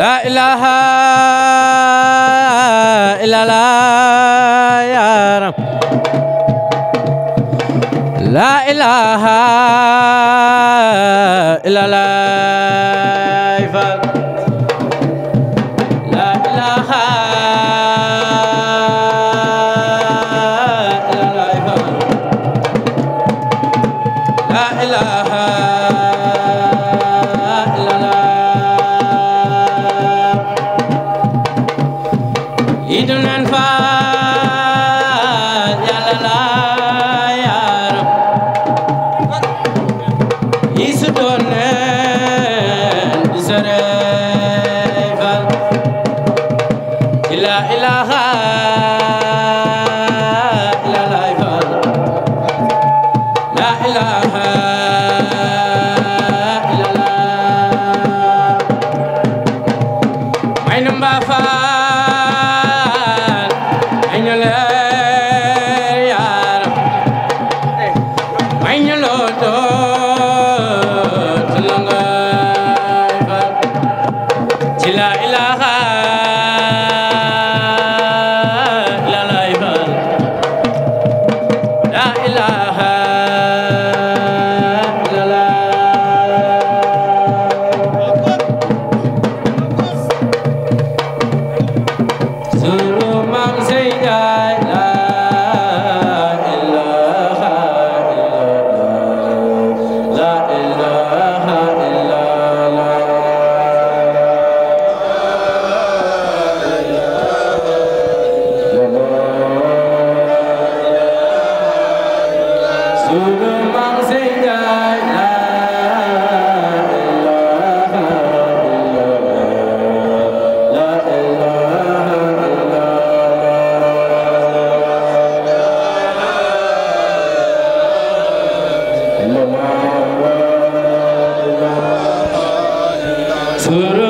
la ilaha illallah ya rab la ilaha illallah Hare ci laa ilaa Sura